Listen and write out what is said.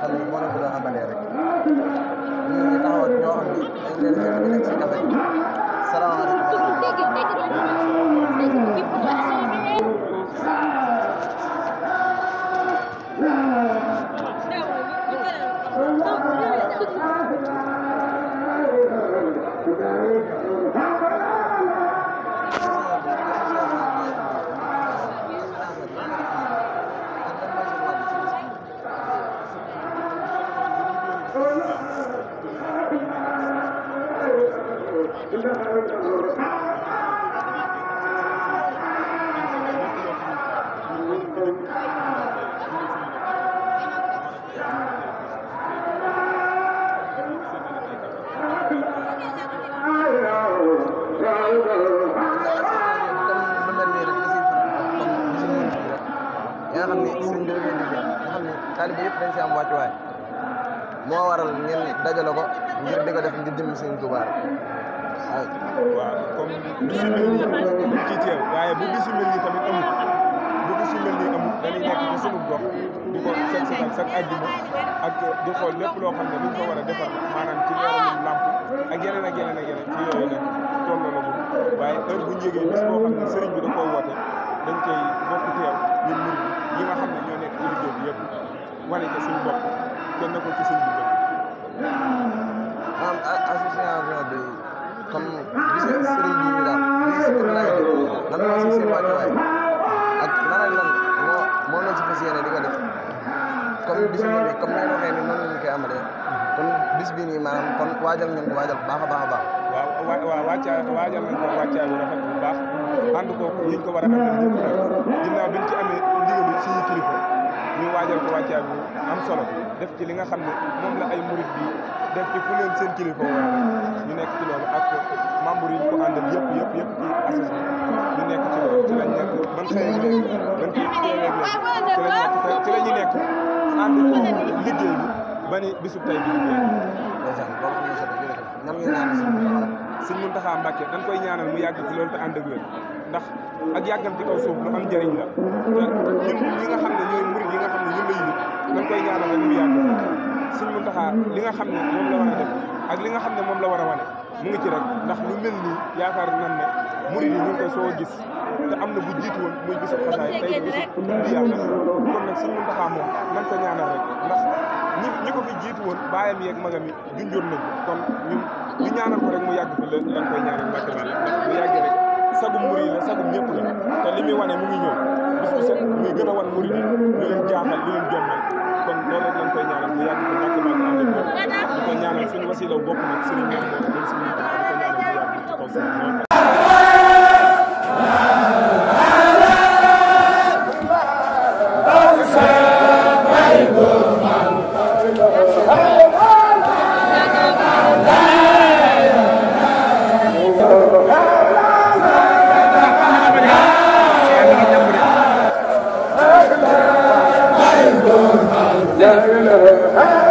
xam ne moo leen ko doon amalee rek ñu ngi taxaw ñoo xam ne dañ leen fekk ñu nekk si café salaamaaleykum taalibe yëpp prinsip yang buat wàccuwaay moo waral ngeen dajale ko ngir di def ngir jëm seen tubaar waaw comme bisu mel nii ci teew waaye bu bisu mel nii tamit amul bu bisu mel nii amul dañuy di ko set setal chaque ak di xool lépp loo xam ne duñ ko war a defar maanaam ci leeralum a ak yeneen ak yeneen ak ci yooyu nag tolloo la waaye heure bu ñu yëgee bis boo xam ne dañ koy bokk teew ñun murid ñoo nekk ci liggéey yëpp wane ca suñu bopp kenn ko ci sëñ bi bëgg. maanaam association bi comme gisee sëriñ bi ñu daal gisee laaj bi lan moo si seen wàccuwaay ak lan ak lan moo moo la ci fas yéene di ko def comme bis bi nii comme ni nga waxee ni noonu la ñu koy amalee kon bis bi nii maanaam kon waajal ngeen ko waajal baax a baax a baax. waaw waaw wàccaay waajal nañ ko wàccaay bu rafet bu baax ànd ko ñu ko war a àndal jëpp nag ginnaaw biñ ci amee ndigalu suñu kilifa. ñu waajal ko wàccaay bu am solo def ci li nga xam ne moom la ay murit bi def ci fu leen seen kilifa woo ñu nekk ci loolu ak membre yi ko àndal yëpp yëpp ci bi ñu ci loolu nekk la ñu nekk ànd ko liggéey ba ni bisub tey bi liggéey sëñ Muntaxa Mbàkke dañ koy ñaanal mu yàgg ci loolu te ànd ak ndax ak yàggam ci kaw suuf lu am njëriñ la te ñun nga xam ne ñooy koy ñaanal rek mu yàgg Sëñ Muntaxa nga xam ak li nga xam ne moom la war a wane mu ci rek ndax lu yaakaar nan ne murid yi ñu soo gis am na bu jiitu woon muy bisu xasaay tey bisu liyaam la kon nag Sëñ Muntaxa ko ñaanal rek ndax ñi ñi ko fi jiitu woon baayam yeeg magam yi junjoon nañ kon ñun ñu ñaanal rek mu yàgg fi la lan koy ñaanal Mbàkke Balla ndax bu yàggee rek sagum murid la sagum ñëpp la te li muy wane mu ngi ñëw bis bu set muy gën a wan murid yi lu leen jaaxal lu leen jommal loolu rek lañ koy ñaanal mu yàgg ko mbàkk mbàkk ànd ak moom di ko ñaanal suñu wasilaw bopp nag sëriñ moom moom sëriñ bi di ko ñaanal mu yàgg ci kaw suuf لا إله إلا